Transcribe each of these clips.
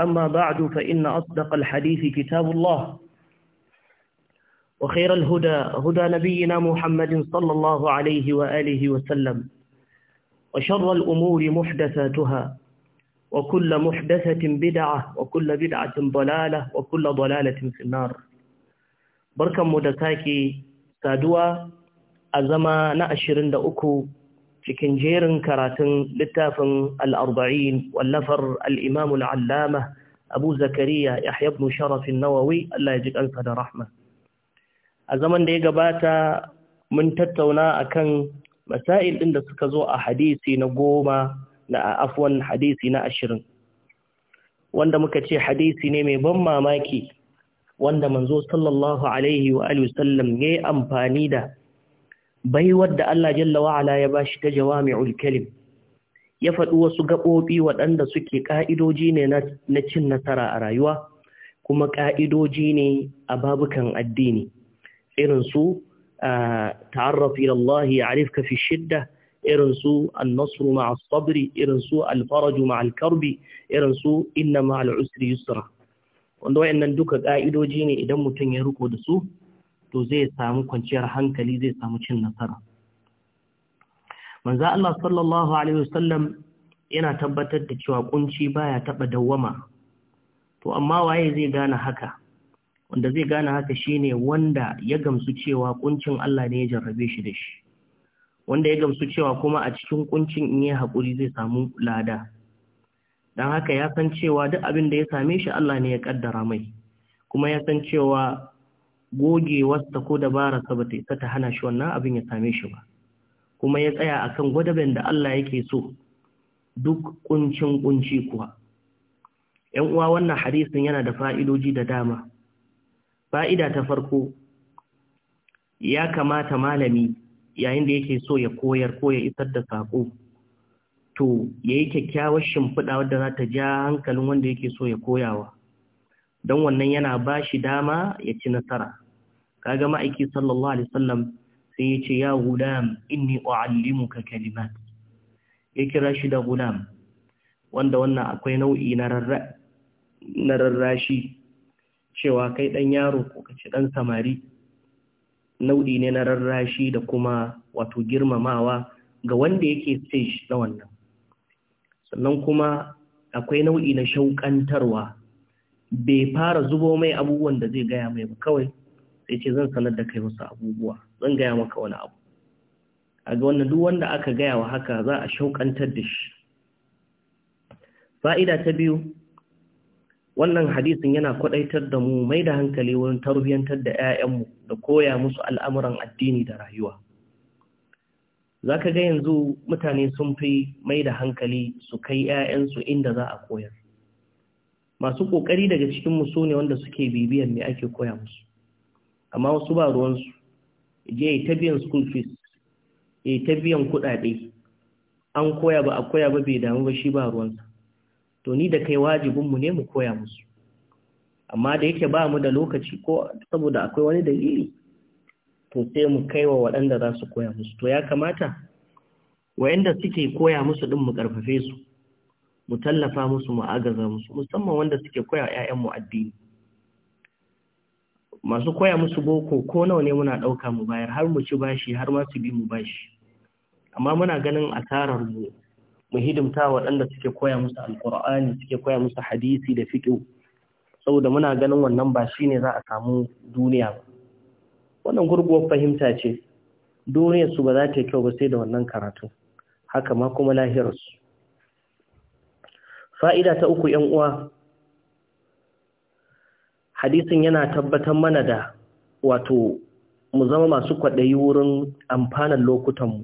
أما بعد فإن أصدق الحديث كتاب الله وخير الهدى هدى نبينا محمد صلى الله عليه وآله وسلم وشر الأمور محدثاتها وكل محدثة بدعة وكل بدعة ضلالة وكل ضلالة في النار بركة مدتاكي سادوا أزمان نأشرين دا أكو cikin jerin karatun littafin al'arba'in wallafar al'imamul allama abu zakariya yahya ibn sharafin nawawi Allah ya ji da rahma a zaman da ya gabata mun tattauna a kan masail ɗin da suka zo a hadisi na goma na afwan hadisi na ashirin wanda muka ce hadisi ne mai ban mamaki wanda manzo sallallahu alaihi wa alihi sallam yayi amfani da baiwar da Allah jalla wa'ala ya bashi ta jawami'ul kalim ya faɗi wasu gaɓoɓi waɗanda suke ƙa'idoji ne na cin nasara a rayuwa kuma ƙa'idoji ne a babukan addini Irinsu su ta'arraf Allah ya'rifka fi shidda Irinsu su ma'a sabri Irinsu alfaraju al-faraj ma'a al-karb inna ma'a al yusra wanda wayannan duka ƙa'idoji ne idan mutum ya riko da su to zai samu kwanciyar hankali zai samu cin nasara manzo Allah sallallahu alaihi wasallam yana tabbatar da cewa kunci baya taba dawwama to amma waye zai gane haka wanda zai gane haka shine wanda ya gamsu cewa kuncin Allah ne ya jarrabe shi da shi wanda ya gamsu cewa kuma a cikin kuncin in yi haƙuri zai samu lada don haka ya san cewa duk abin da ya same shi Allah ne ya ƙaddara mai kuma ya san cewa gogewarsa ko dabararsa ba ta ta hana shi wannan abin ya same shi ba kuma ya tsaya akan gwadaben da Allah yake so duk kuncin kunci kuwa ‘yan uwa wannan hadisin yana da fa'idoji da dama fa'ida ta farko ya kamata malami yayin da yake so ya koyar ko ya isar da sako to yayi kyakkyawar shimfiɗa wadda za ta ja hankalin wanda yake so ya koyawa don wannan yana ba shi dama ya ci nasara Ka ga ma'aiki sallallahu alaihi wasallam sai ya ce ya gulam inni ka kalimat ya kira shi da gulam wanda wannan akwai nau'i na rarrashi cewa kai dan yaro ko kace dan samari nau'i ne na rarrashi da kuma wato girmamawa ga wanda yake stage na wannan sannan kuma akwai nau'i na shauƙantarwa bai fara zubo mai abubuwan da zai gaya mai ba kawai sai ce zan sanar da kai wasu abubuwa zan gaya maka wani abu a ga wannan duk wanda aka gaya wa haka za a shauƙantar da shi fa'ida ta biyu wannan hadisin yana kwaɗaitar da mu mai da hankali wurin tarbiyyantar da 'ya'yanmu da koya musu al'amuran addini da rayuwa za ka ga yanzu mutane sun fi mai da hankali su kai 'ya'yansu inda za a koyar masu ƙoƙari daga cikin mu sune wanda suke bibiyan me ake koya musu amma wasu ba ruwansu je ta biyan school fees ya ta biyan kuɗaɗe an koya ba a koya ba bai damu ba shi ba ruwansa to ni da kai wajibin mu ne mu koya musu amma da yake ba mu da lokaci ko saboda akwai wani dalili to sai mu kai wa waɗanda za su koya musu to ya kamata wayanda suke koya musu ɗin mu ƙarfafe su mu tallafa musu mu agaza musu musamman wanda suke koya mu addini masu koya musu boko ko nawa ne muna ɗauka mu bayar har mu ci bashi har ma su bi mu bashi amma muna ganin asarar mu mu hidimta waɗanda suke koya musu alƙur'ani suke koya musu hadisi da fiƙo saboda muna ganin wannan ba shine za a samu duniya ba wannan gurguwar fahimta ce duniyarsu ba za ta yi kyau ba sai da wannan karatu haka ma kuma lahirarsu fa'ida ta uku ‘yan uwa hadisin yana tabbatar mana da wato mu zama masu kwaɗayi wurin lokutan lokutanmu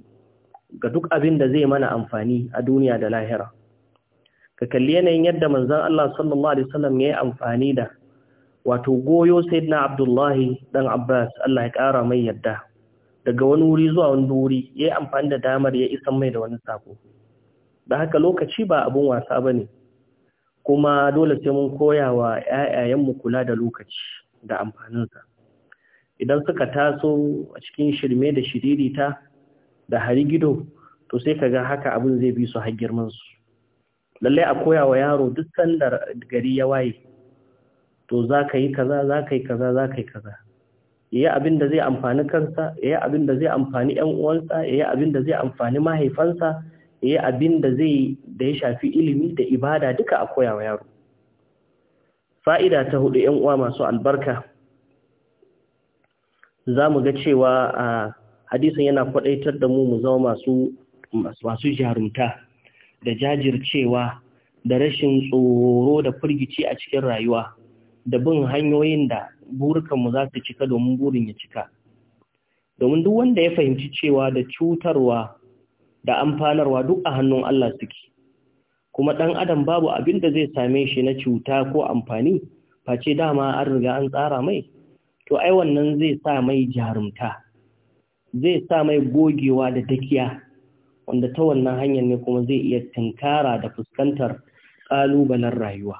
ga duk abin da zai mana amfani a duniya da lahira ka kalli yanayin yadda manzan Allah sallallahu Alaihi wasallam ya yi amfani da wato goyo Sayyidina Abdullahi dan Abbas Allah ya ƙara mai yadda daga wani wuri zuwa wani wuri ya yi amfani da damar ya isa mai da wani sako da haka lokaci ba abin wasa ba ne kuma dole sai mun koya wa ‘ya'yayenmu kula da lokaci da amfaninsa idan suka taso a cikin shirme da ta da harigido to sai ka ga haka abin zai bi su har girmansu lallai a koya wa yaro duk sandar gari ya waye to za ka yi kaza za ka yi kaza za ka yi kaza ya yi abin da zai amfani kansa ya yi abin da zai amfani ‘yan uwansa ya yi abin da zai amfani mahaifansa Yi abin da zai da ya shafi ilimi da ibada duka a koyawa yaro fa'ida ta hudu ‘yan uwa masu albarka za mu ga cewa a hadisan yana kwaɗaitar da mu mu zama masu jarumta da jajircewa da rashin tsoro da firgici a cikin rayuwa da bin hanyoyin da burkanmu za su cika domin burin ya cika domin duk wanda ya fahimci cewa da cutarwa da amfanarwa duk a hannun Allah suke kuma ɗan adam babu abin da zai same shi na cuta ko amfani face dama an riga an tsara mai to ai wannan zai sa mai jarumta zai sa mai gogewa da dakiya wanda ta wannan hanyar ne kuma zai iya tunkara da fuskantar ƙalubalen rayuwa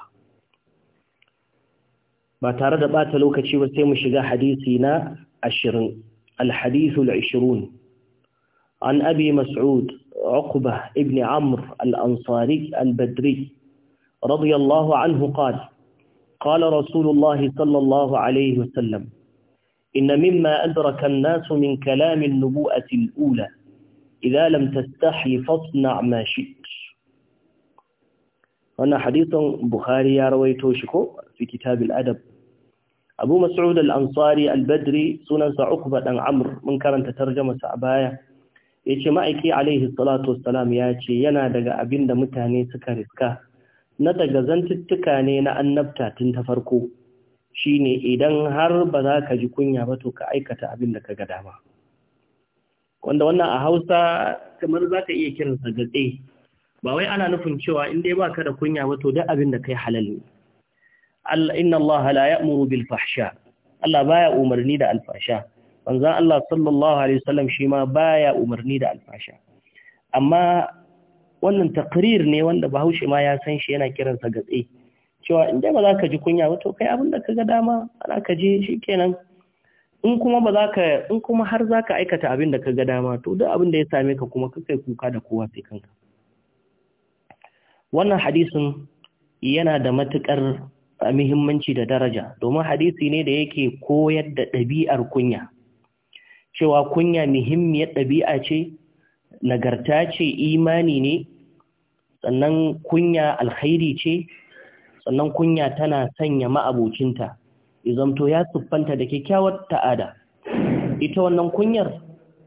ba tare da ɓata lokaci ba sai mu shiga hadisi na ashirin alhadisul ashirin عن أبي مسعود عقبة ابن عمرو الأنصاري البدري رضي الله عنه قال قال رسول الله صلى الله عليه وسلم إن مما أدرك الناس من كلام النبوءة الأولى إذا لم تستحي فاصنع ما شئت هنا حديث بخاري رويته شكو في كتاب الأدب أبو مسعود الأنصاري البدري سنن عقبة عمرو من كان تترجم سعبايا ya ce ma'aiki alaihi salatu wasalam ya ce yana daga abin da mutane suka riska na daga zantuttuka ne na annabta tun ta farko Shi ne idan har ba za ka ji kunya ba to ka aikata abin da ka ga dama wanda wannan a hausa kamar za ka iya kiransa gatse ba wai ana nufin cewa in ya ba ka da kunya ba to duk abin da ka yi halal ne inna Allah la ya'muru bil fahsha Allah baya umarni da alfasha manzan Allah sallallahu Alaihi wasallam shi ma baya umarni da alfasha amma wannan takrir ne wanda bahaushe ma ya san shi yana kiransa gatse cewa inda ba za ka ji kunya wato kai abin da ka ga dama ana ka je shi kenan in kuma ba za ka in kuma har za ka aikata abin da ka ga dama to duk abin da ya same ka kuma ka kai kuka da kowa sai kanka wannan hadisin yana da matukar muhimmanci da daraja domin hadisi ne da yake koyar da ɗabi'ar kunya cewa kunya muhimmiyar ɗabi'a ce nagarta ce imani ne sannan kunya alkhairi ce sannan kunya tana sanya ma'abocinta izamto ya siffanta da kyakkyawar ta'ada ita wannan kunyar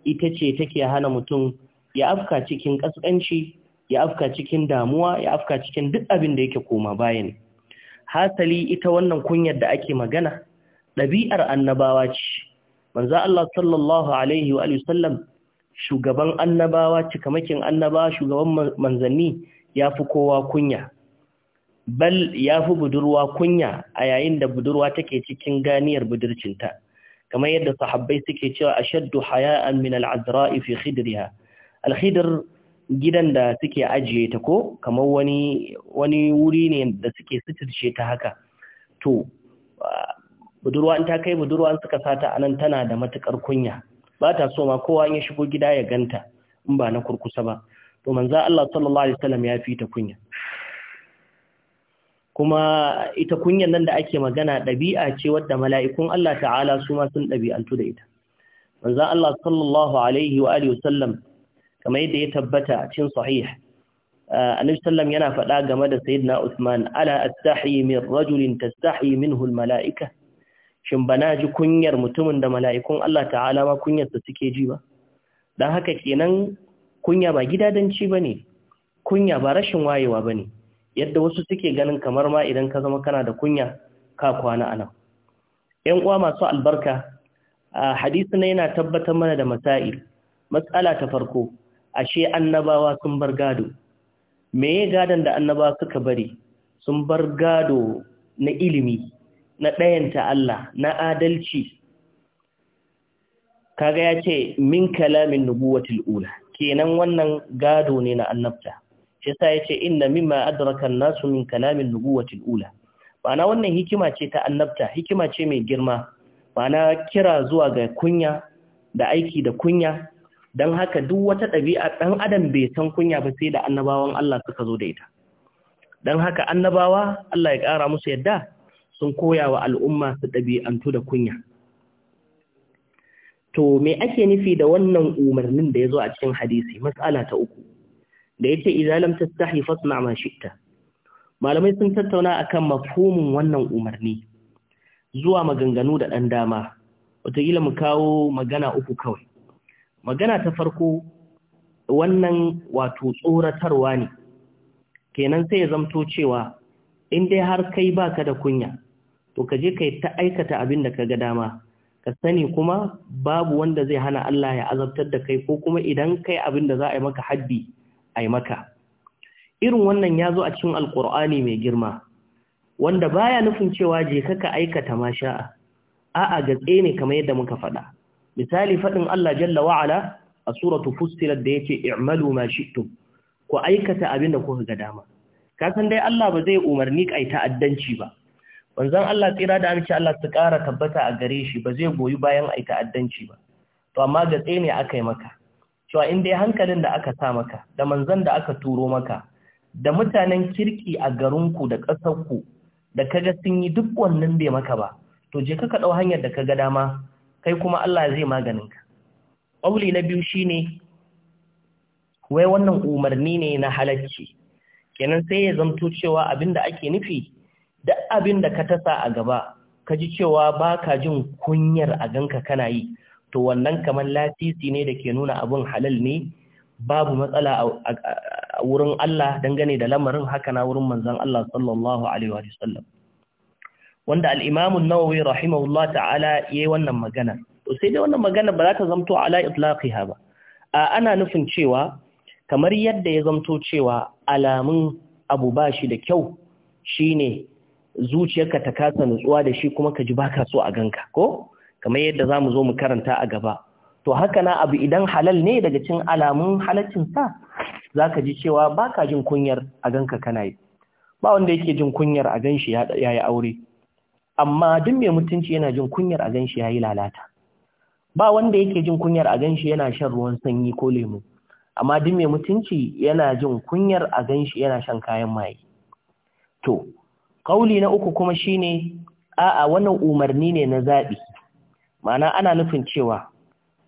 ita ce take hana mutum ya afka cikin ƙasƙanci ya afka cikin damuwa ya afka cikin duk abin da yake koma bayan hasali ita wannan kunyar da ake magana ɗabi'ar annabawa ce manzo Allah sallallahu alaihi wa sallam shugaban annabawa cikamakin annaba shugaban manzanni yafi kowa kunya bal yafi budurwa kunya a yayin da budurwa take cikin ganiyar budurcinta kamar yadda sahabbai suke cewa ashaddu haya'an min al-azra'i fi khidriha al-khidr gidan da suke ajiye ta ko kamar wani wani wuri ne da suke suturce ta haka to budurwa in ta kai budurwa in suka sata anan tana da matukar kunya ba ta so ma kowa in ya shigo gida ya ganta in ba na kurkusa ba to manzo Allah sallallahu alaihi wasallam ya ta kunya kuma ita kunyan nan da ake magana ɗabi'a ce wadda mala'ikun Allah ta'ala su ma sun ɗabi'antu da ita manzo Allah sallallahu alaihi wa alihi wasallam kamar yadda ya tabbata a cikin sahih eh, annabi sallam yana faɗa game da sayyidina Uthman ala astahi min rajulin tastahi minhu al-mala'ika shin ba na ji kunyar mutumin da mala'ikun Allah ta'ala ma kunyarsa suke ji ba don haka kenan kunya ba gidadanci ba ne kunya ba rashin wayewa ba ne yadda wasu suke ganin kamar ma idan ka zama kana da kunya ka kwana a ‘yan uwa masu albarka a hadisi na yana tabbatar mana da masa'il matsala ta farko ashe annabawa sun bar gado me gadon da annabawa suka bari sun bar gado na ilimi na ɗayanta Allah na adalci kaga ya ce min kalamin nubuwatul ula kenan wannan gado ne na annabta shi yasa yace inna mimma adraka an-nasu min kalamin nubuwatul ula ma'ana wannan hikima ce ta annabta hikima ce mai girma ma'ana kira zuwa ga kunya da aiki da kunya dan haka duk wata ɗabi'a ɗan adam bai san kunya ba sai da annabawan Allah suka zo da ita dan haka annabawa Allah ya kara musu yadda sun koya wa al'umma su ɗabi'antu da kunya. To, me ake nufi da wannan umarnin da ya zo a cikin hadisi, matsala ta uku, da ya ce, Izalam ta tahi fasna ma shitta. Malamai sun tattauna akan mafumin wannan umarni, zuwa maganganu da ɗan dama, wataƙila mu kawo magana uku kawai. Magana ta farko, wannan wato tsoratarwa ne, kenan sai ya zamto cewa in dai har kai baka da kunya to ka je kai ta aikata abin da ka ga dama ka sani kuma babu wanda zai hana Allah ya azabtar da kai ko kuma idan kai abin da za a yi maka haddi a yi maka irin wannan ya zo a cikin alkur'ani mai girma wanda baya nufin cewa je ka aikata sha'a. a'a gatse ne kamar yadda muka faɗa misali faɗin Allah jalla wa'ala a suratu fustilat da yace i'malu ma shi'tum ku aikata abin da kuka ga dama kasan dai Allah ba zai umarni kai ta'addanci ba Wanzan Allah tsira da amince Allah su ƙara tabbata a gare shi ba zai goyi bayan a yi ta'addanci ba to amma ga tsene aka yi maka cewa in dai hankalin da aka sa maka da manzon da aka turo maka da mutanen kirki a garinku da ƙasarku da kaga sun yi duk wannan bai maka ba to je ka ɗau hanyar da kaga dama kai kuma Allah zai maganin ka ƙauli na biyu shine wai wannan umarni ne na halacci kenan sai ya zamto cewa abin da ake nufi duk abin da ka tasa a gaba ka ji cewa ba ka jin kunyar a ganka kana yi to wannan kamar lasisi ne da ke nuna abin halal ne babu matsala a wurin Allah dangane da lamarin haka na wurin manzan Allah sallallahu alaihi wa sallam wanda al-Imam an-Nawawi rahimahullah ta'ala yayi wannan magana to sai dai wannan magana ba za ta zamto ala itlaqiha ba a ana nufin cewa kamar yadda ya zamto cewa alamun abu bashi da kyau shine zuciyarka ta kasa nutsuwa da shi kuma ka ji baka so a ganka ko kamar yadda za mu zo mu karanta a gaba to haka na abu idan halal ne daga cin alamun halaccin sa za ka ji cewa baka jin kunyar a ganka kana yi ba wanda yake jin kunyar a gan shi ya yi aure amma duk mai mutunci yana jin kunyar a gan shi ya yi lalata ba wanda yake jin kunyar a gan shi yana shan ruwan sanyi ko lemu amma duk mai mutunci yana jin kunyar a gan shi yana shan kayan maye to Ƙauli na uku kuma shine a'a wannan umarni ne na zaɓi. Ma'ana ana nufin cewa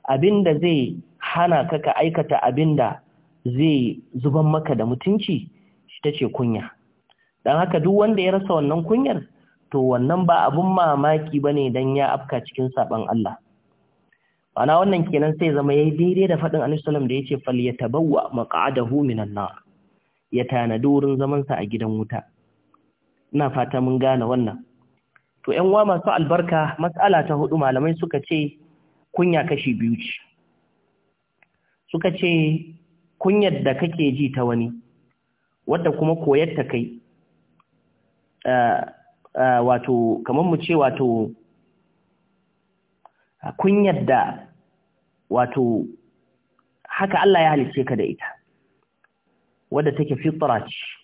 abinda zai hana ka ka aikata da zai zuban maka da mutunci shi ce kunya. Dan haka duk wanda ya rasa wannan kunyar to wannan ba abin mamaki bane dan ya afka cikin saban Allah. Ma'ana wannan kenan sai zama yayi daidai da faɗin Annabi sallallahu alaihi wasallam da yace falyatabawwa maq'adahu minan nar. Ya tanadi wurin zamansa a gidan wuta. ina fata mun gane wannan to ƴan uwa masu albarka matsala ta hudu malamai suka ce kunya kashi biyu ce suka ce kunyar da kake ji ta wani wadda kuma koyar ta kai wato kamar mu ce wato kunyar da wato haka Allah ya halice ka da ita wadda take fitra ce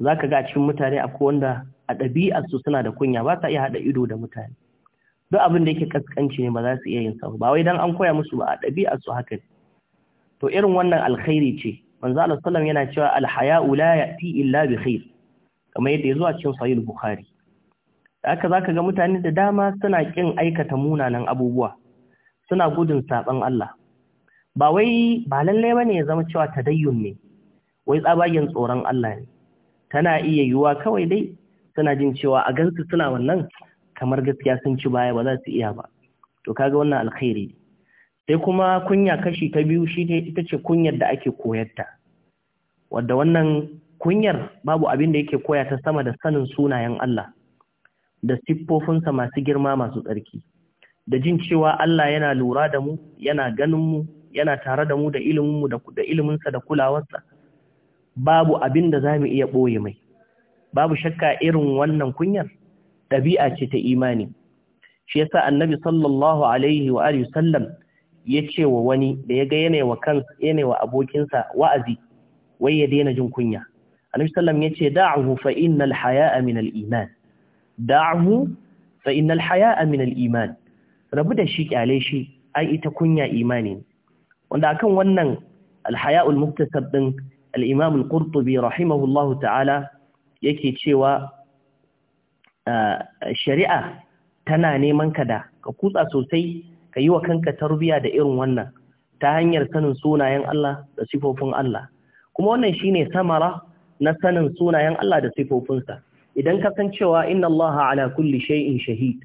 za ka ga cikin mutane akwai wanda a ɗabi'arsu suna da kunya ba sa iya haɗa ido da mutane duk abin da yake kaskanci ne ba za su iya yin sa ba wai dan an koya musu ba a ɗabi'arsu haka ne to irin wannan alkhairi ce manzo Allah sallam yana cewa alhaya'u la ya'ti illa bi khair kamar yadda ya zo a cikin sahih bukhari haka zaka ga mutane da dama suna kin aikata munanan abubuwa suna gudun saban Allah ba wai ba lalle bane ya zama cewa tadayyun ne wai tsabagen tsoron Allah ne tana iya yiwuwa kawai dai suna jin cewa a gansu suna wannan kamar gaskiya sun ci baya ba za su iya ba to kaga wannan alkhairi sai kuma kunya kashi ta biyu shi ne ita ce kunyar da ake koyarta wadda wannan kunyar babu abin da yake koya ta sama da sanin sunayen Allah da siffofinsa masu girma masu tsarki da jin cewa Allah yana lura da mu yana ganin mu yana tare da mu da mu da iliminsa da kulawarsa babu abin da za mu iya ɓoye mai babu shakka irin wannan kunyar ɗabi'a ce ta imani shi yasa annabi sallallahu alaihi wa alihi sallam ya ce wa wani da ya ga yanayi wa kansa abokinsa wa'azi wai ya daina jin kunya annabi sallam ya ce da'ahu fa haya'a min iman fa iman rabu da shi kyale shi ai ita kunya imani ne wanda akan wannan alhaya'ul haya'ul ɗin al-imam al-qurtubi rahimahullahu ta'ala yake cewa shari'a tana neman ka da ka kutsa sosai ka yi wa kanka tarbiya da irin wannan ta hanyar sanin sunayen Allah da sifofin Allah kuma wannan shine samara na sanin sunayen Allah da sifofinsa idan ka san cewa inna Allah ala kulli shay'in shahid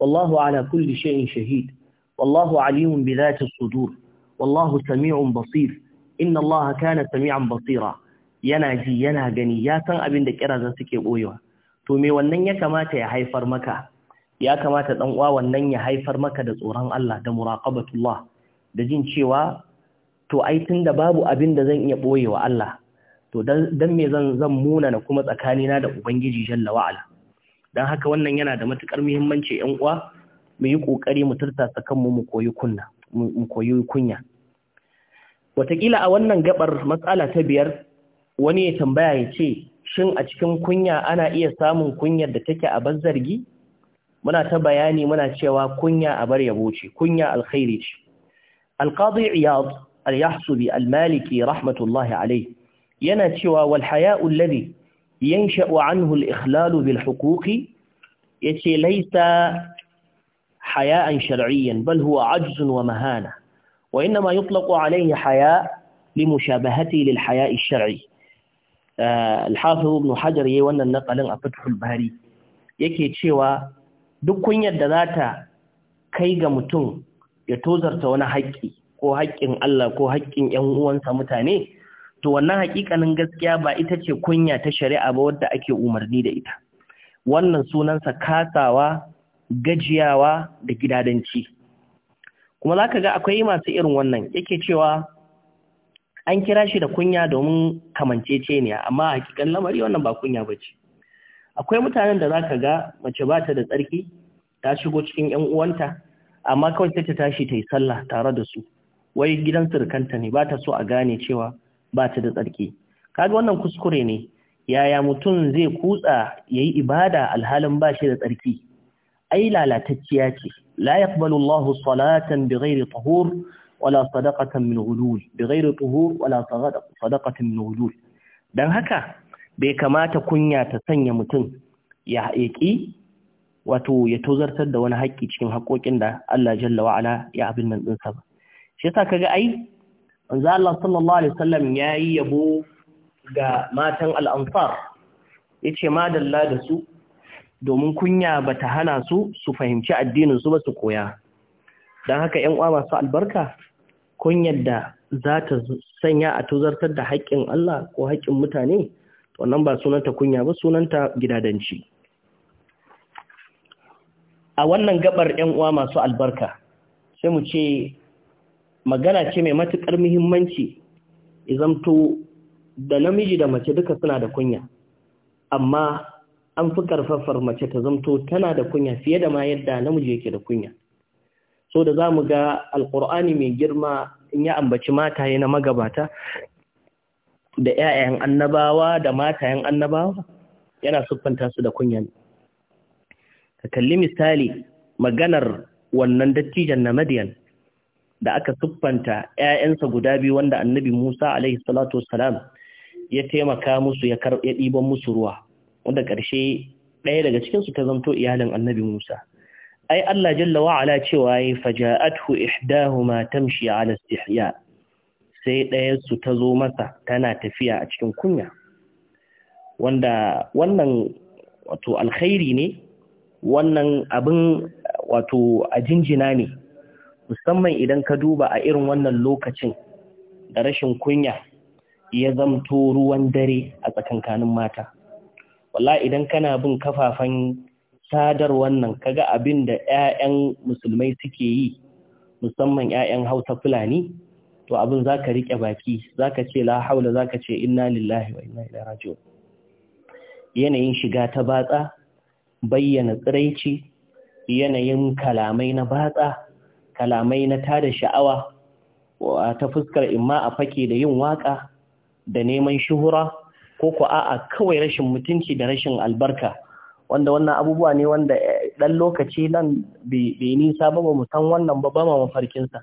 wallahu ala kulli shay'in shahid wallahu alimun bi dhati sudur wallahu sami'un basir inna Allah kana sami'an basira yana ji yana gani ya san abin da kira za suke boyewa to me wannan ya kamata ya haifar maka ya kamata dan uwa wannan ya haifar maka da tsoron Allah da muraqabatullah da jin cewa to ai tunda babu abin da zan iya boyewa Allah to dan me zan zan muna na kuma tsakanina da ubangiji jalla wa'ala dan haka wannan yana da matukar muhimmanci yan uwa mu yi kokari mu turtasa kanmu mu koyi kunna mu koyi kunya Wataƙila a wannan gabar matsala ta biyar wani ya tambaya ya ce, Shin a cikin kunya ana iya samun kunyar da take a bar zargi? Muna ta bayani muna cewa kunya a bar yabo ce, kunya alkhairi ce. Alƙadi Iyad al-Yahsubi al-Maliki rahmatullahi alai yana cewa wal haya'u alladhi yansha'u anhu al-ikhlalu bil huquqi yace laisa haya'an shar'iyyan bal huwa ajzun wa mahana وإنما يطلق عليه حياء لمشابهته للحياء الشرعي الحافظ ابن حجر يوانا النقل أفتح البهري yake cewa duk kunyar da zata kai ga mutum ya tozarta wani haƙƙi ko haƙƙin Allah ko haƙƙin ‘yan uwansa mutane, to wannan haƙiƙanin gaskiya ba ita ce kunya ta shari'a ba wadda ake umarni da ita. Wannan sunansa kasawa, gajiyawa da gidadanci. kuma za ka ga akwai masu irin wannan yake cewa an kira shi da kunya domin ne, amma hakikan lamari wannan ba kunya ba ce akwai mutanen da za ka ga mace ba ta da tsarki ta shigo cikin 'yan uwanta amma kawai sai ta tashi ta yi sallah tare da su wai gidan surukanta ne ba ta so a gane cewa ba ta da tsarki kaga wannan kuskure ne yaya mutum zai kutsa ya yi ibada alhalin ba shi da tsarki ai lalatacciya ce la yaqbalu Allahu salatan bighairi tahur wala sadaqatan min ghulul bighairi tuhur wala sadaqatan min ghulul dan haka bai kamata kunya ta sanya mutum ya haƙi wato ya tozartar da wani haƙƙi cikin haƙoƙin da Allah jalla wa ala ya abin nan din ba shi yasa kaga ai manzo Allah sallallahu alaihi wasallam yayi yabo ga matan al-ansar yace madalla da su domin kunya ba ta hana su su fahimci addinin su ba su koya don haka ‘yan uwa masu albarka kunyar da za ta sanya a tuzartar da haƙƙin Allah ko haƙƙin mutane wannan ba sunanta kunya ba sunanta gidadanci a wannan gabar ‘yan uwa masu albarka sai mu ce magana ce mai matuƙar muhimmanci izamto da namiji da mace duka suna da kunya amma an fi karfafar mace ta zamto tana da kunya fiye da ma yadda namiji yake da kunya so da za mu ga alkur'ani mai girma in ya ambaci mataye na magabata da 'ya'yan annabawa da matayen annabawa yana siffanta su da kunya ka kalli misali maganar wannan dattijan na madiyan da aka siffanta 'ya'yansa guda biyu wanda annabi musa alaihi salatu wasalam ya taimaka musu ya ɗiban musu ruwa wanda ƙarshe ɗaya daga cikinsu ta zamto iyalin annabi Musa. Ai, Allah jalla wa'ala cewa ya faja'athu ma tamshi ala istihya sai ɗaya su ta zo masa tana tafiya a cikin kunya. Wanda wannan wato alkhairi ne, wannan abin wato a jinjina ne, musamman idan ka duba a irin wannan lokacin da rashin kunya ya zamto ruwan dare a tsakankanin mata. walla idan kana bin kafafan sadar wannan kaga abin da 'ya'yan musulmai suke yi musamman 'ya'yan hausa fulani to abin za ka riƙe baki za ka ce la haula za ka ce inna lillahi wa inna ilaihi raji'un yanayin shiga ta batsa bayyana tsiraici yanayin kalamai na batsa kalamai na tada sha'awa ta fuskar imma a fake da yin waka da neman shuhura ko ku a'a kawai rashin mutunci da rashin albarka wanda wannan abubuwa ne wanda eh, ɗan lokaci nan bai nisa ba mu san wannan ba ba ma mafarkinsa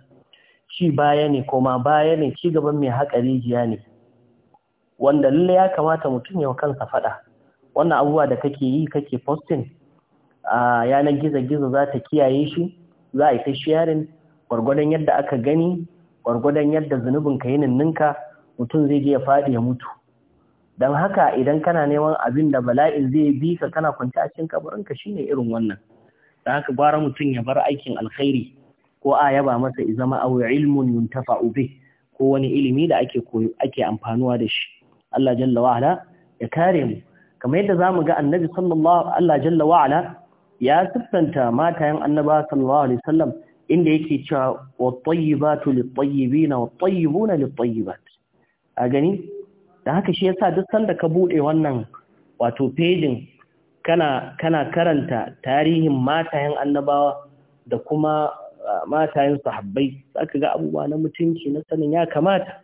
shi baya ne koma baya ne ci gaban mai haƙa rijiya ne wanda lalle ya kamata mutum ya kansa faɗa wannan abubuwa da kake yi kake posting a yanar gizo-gizo za ta kiyaye shi za a yi ta sharing gwargwadon yadda aka gani gwargwadon yadda zunubin ka yi ninninka mutum zai je ya faɗi ya mutu don haka idan kana neman abin da bala'in zai bi ka kana kwanci a cikin kabarinka shine irin wannan da haka gwara mutum ya bar aikin alkhairi ko a yaba masa izama zama aw ilmun yuntafa'u ube ko wani ilimi da ake koyo ake amfanuwa da shi Allah jalla wa ala ya kare mu kamar yadda zamu ga annabi sallallahu Allah jalla wa ala ya siffanta matayen annaba sallallahu alaihi wasallam inda yake cewa wat-tayyibatu lit-tayyibina wat-tayyibuna lit-tayyibat a gani da haka shi yasa duk sanda ka bude wannan wato pejin kana kana karanta tarihin matayen annabawa da kuma ah, matayen sahabbai zaka ga abubuwa na mutunci na sanin ya kamata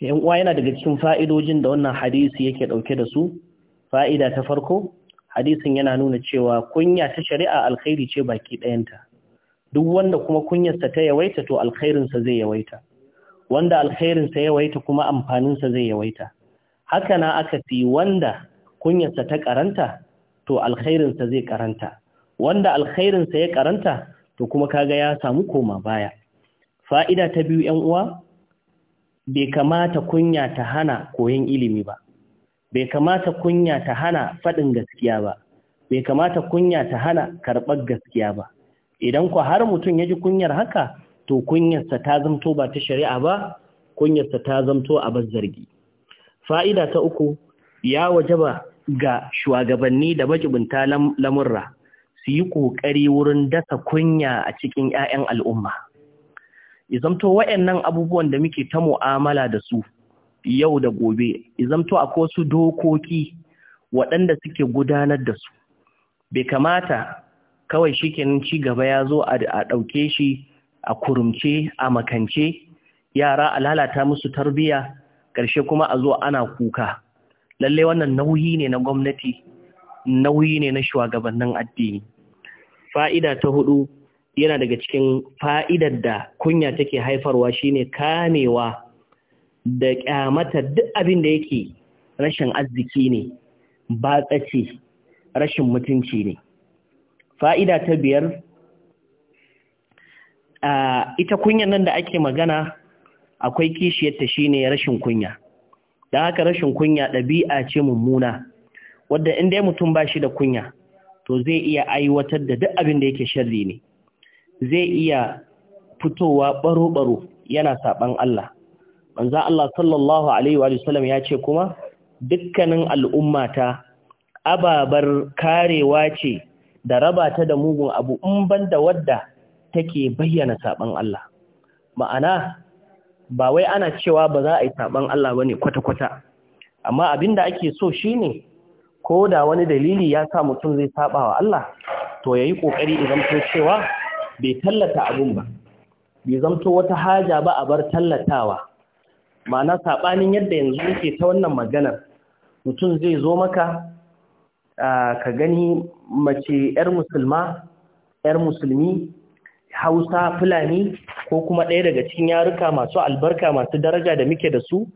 yan uwa yana daga cikin fa'idojin da wannan hadisi yake dauke da su fa'ida ta farko hadisin yana nuna cewa kunya ta shari'a alkhairi ce baki ɗayanta duk wanda kuma kunyarsa ta yawaita to alkhairinsa zai yawaita wanda alkhairinsa ya yawaita kuma amfaninsa zai yawaita haka na aka fi wanda kunyarsa ta karanta to alkhairinsa zai karanta wanda alkhairinsa ya karanta to kuma kaga ya samu koma baya fa'ida ta biyu ‘yan uwa bai kamata kunya ta hana koyon ilimi ba bai kamata kunya ta hana faɗin gaskiya ba bai kamata kunya ta hana karɓar gaskiya ba idan ku har mutum ya ji kunyar haka to kunyarsa ta zamto ba ta shari'a ba kunyarsa ta zamto a zargi. fa'ida ta uku ya wajaba ga shugabanni da majibinta lamurra su yi ƙoƙari wurin dasa kunya a cikin 'ya'yan al'umma izamto waɗannan abubuwan da muke ta mu'amala da su yau da gobe izamto akwai su dokoki waɗanda suke gudanar da su bai kamata kawai shikenan ci gaba ya zo a ɗauke shi a kurumce a makance yara a lalata musu tarbiya ƙarshe kuma a zo ana kuka lallai wannan nauyi ne na gwamnati nauyi ne na shugabannin addini fa'ida ta hudu yana daga cikin fa'idar da kunya take haifarwa shine kamewa da ƙyamata duk abin da yake rashin arziki ne ba tsace rashin mutunci ne fa'ida ta biyar Ah, ita kunyan nan da ake magana akwai kishiyarta shi ne rashin kunya don haka rashin kunya ɗabi'a ce mummuna wadda inda ya mutum ba shi da kunya to zai iya aiwatar da duk abin da yake sharri ne zai iya fitowa baro-baro yana saɓan Allah manzo Allah sallallahu alaihi wa ya ce kuma dukkanin al'ummata ababar karewa ce da rabata da mugun abu in banda wadda take bayyana saban Allah ma'ana ba wai ana cewa ba za a yi saban Allah bane kwata-kwata amma abin da ake so shine ko da wani dalili ya sa mutum zai saba wa Allah to yayi kokari idan to cewa bai tallata abun ba bai zanto wata haja ba a bar tallatawa ma'ana sabanin yadda yanzu yake ta wannan maganar mutum zai zo maka ah, ka gani mace 'yar musulma 'yar musulmi hausa fulani ko kuma ɗaya daga cikin yaruka masu albarka masu daraja da muke da su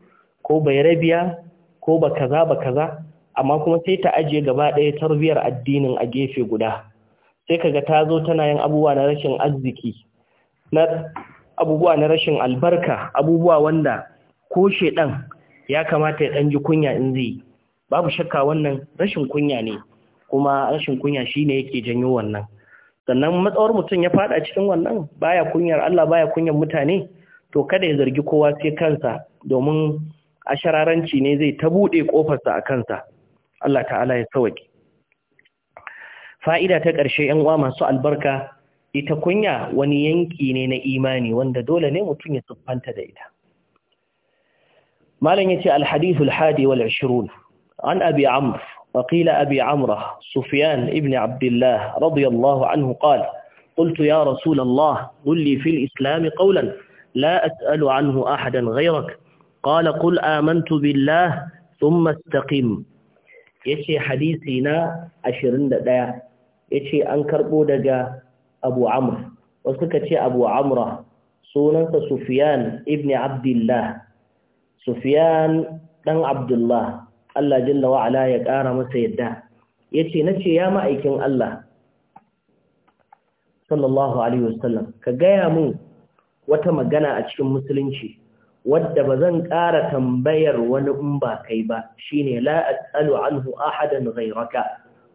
ko bayarabiya ko ba kaza ba kaza amma kuma sai ta ajiye gaba ɗaya tarbiyar addinin a gefe guda sai kaga ta zo tana yin abubuwa na rashin arziki na abubuwa na rashin albarka abubuwa wanda ko shedan ya kamata ya ɗan ji kunya in zai babu shakka wannan rashin kunya ne kuma rashin kunya shine yake janyo wannan sannan matsawar mutum ya fada cikin wannan baya kunyar Allah baya kunyar mutane to kada ya zargi kowa sai kansa domin a shararanci ne zai ta buɗe ƙofarsa a kansa Allah ta'ala ya sauke fa'ida ta ƙarshe ‘yan uwa masu albarka ita kunya wani yanki ne na imani wanda dole ne mutum ya siffanta da ita malam ya ce hadithul hadi wal 20 an abi amr وقيل أبي عمره سفيان ابن عبد الله رضي الله عنه قال قلت يا رسول الله قل لي في الإسلام قولا لا أسأل عنه أحدا غيرك قال قل آمنت بالله ثم استقم yace hadisi na 21 yace an karbo daga Abu Amr wasu suka ce Abu Amra sunansa Sufyan ibn Abdullah Sufyan dan Abdullah Allah jalla wa ala ya ƙara masa yadda yace nace ya ma'aikin Allah sallallahu alaihi wasallam ka gaya mun wata magana a cikin musulunci wadda ba zan ƙara tambayar wani in ba kai ba shine la as'alu anhu ahadan ghayraka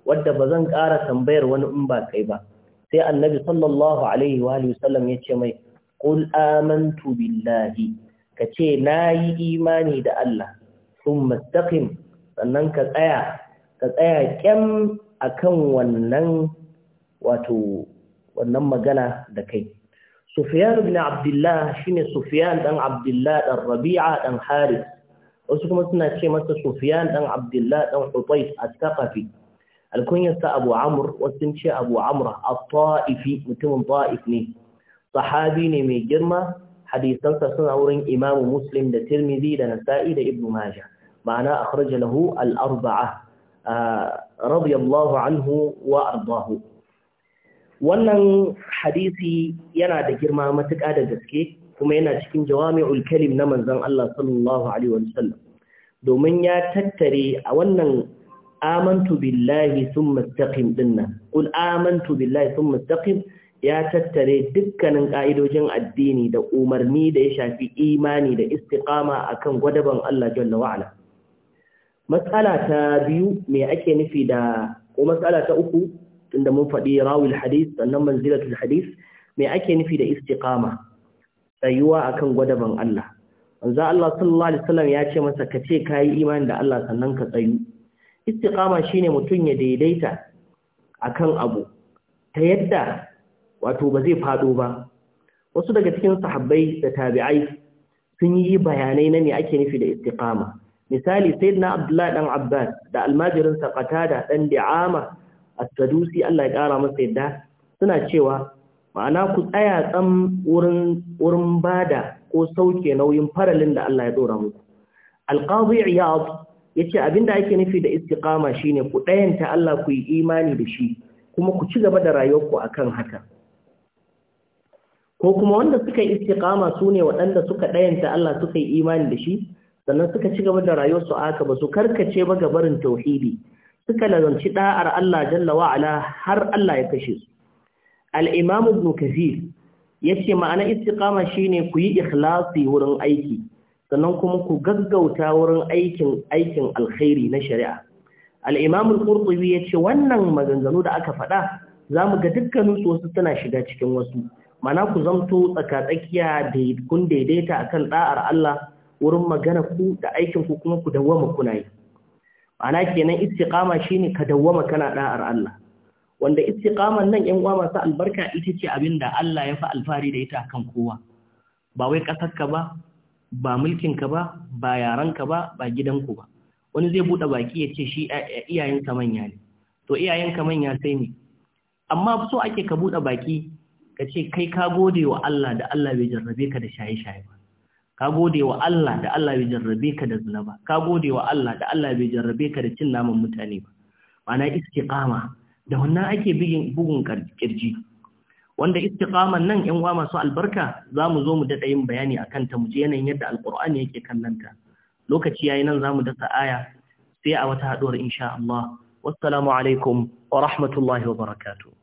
wadda ba zan ƙara tambayar wani in ba kai ba sai annabi sallallahu alaihi wa sallam ya ce mai qul amantu billahi kace nayi imani da Allah thumma istaqim sannan ka tsaya ka tsaya kyam akan wannan wato wannan magana da kai Sufyan ibn Abdullah shine Sufyan dan Abdullah dan Rabi'a dan Harith wasu kuma suna ce masa Sufyan dan Abdullah dan Hutayf al-Thaqafi alkunyarsa Abu Amr wasu ce Abu Amr al-Ta'ifi mutumin Ta'if ne sahabi ne mai girma hadisansa suna wurin Imam Muslim da Tirmidhi da Nasa'i da Ibn Majah ma'ana akhraja lahu al-arba'a radiyallahu anhu wa ardahu wannan hadisi yana da girma matuƙa da gaske kuma yana cikin jawami'ul kalim na manzon Allah sallallahu alaihi sallam domin ya tattare a wannan amantu billahi thumma istaqim dinnan kul amantu billahi thumma istaqim ya tattare dukkanin ka'idojin addini da umarni da ya shafi imani da istiqama akan gwadaban Allah jalla wa ala matsala ta biyu me ake nufi da ko matsala ta uku tunda mun faɗi rawul hadis sannan manzilatul hadis? me ake nufi da istiqama tsayuwa akan gwadaban Allah manzo Allah sallallahu alaihi wasallam ya ce masa ka ce kai imani da Allah sannan ka tsayu istiqama shine mutun ya daidaita akan abu ta yadda wato ba zai fado ba wasu daga cikin sahabbai da tabi'ai sun yi bayanai na me ake nufi da istiqama misali sayyidina abdullahi dan abbas da almajirin sa da dan di'ama at-tadusi Allah ya kara masa yadda suna cewa ma'ana ku tsaya tsam wurin wurin bada ko sauke nauyin faralin da Allah ya dora muku al-qadi iyad yace abinda ake nufi da istiqama shine ku ɗayanta Allah ku yi imani da shi kuma ku ci gaba da rayuwarku akan haka ko kuma wanda suka yi istiqama su ne waɗanda suka ɗayanta Allah suka yi imani da shi sannan suka ci gaba da rayuwarsu aka ba su karkace ba barin tauhidi suka lazanci da'ar Allah jalla wa ala har Allah ya kashe su al-imam ibn kathir yace ma'ana istiqama shine ku yi ikhlasi wurin aiki sannan kuma ku gaggauta wurin aikin aikin alkhairi na shari'a al-imam al-qurtubi yace wannan maganganu da aka faɗa zamu ga dukkanin su wasu tana shiga cikin wasu mana ku zamto tsakatsakiya da kun daidaita akan da'ar Allah wurin magana ku da aikin ku kuma ku dawwama kuna yi ma'ana kenan istiqama shine ka dawwama kana da'ar Allah wanda istiqaman nan yan uwa masu albarka ita ce abinda Allah ya fa alfari da ita kan kowa ba wai kasarka ba ba mulkin ka ba ba yaran ka ba ba gidan ku ba wani zai bude baki ya ce shi iyayenka manya ne to iyayen ka manya sai ne amma so ake ka bude baki ka ce kai ka gode wa Allah da Allah bai jarrabe ka da shaye-shaye ba ka gode wa Allah da Allah bai jarrabe ka da zina ka gode wa Allah da Allah bai jarrabe ka da cin naman mutane ba ma'ana istiqama da wannan ake bugun kirji wanda istiqaman nan yan uwa masu albarka zamu zo mu dada yin bayani akan ta mu je yanayin yadda alqur'ani yake kallanta lokaci yayi nan zamu dasa aya sai a wata haduwar insha Allah wassalamu alaikum wa rahmatullahi wa barakatuh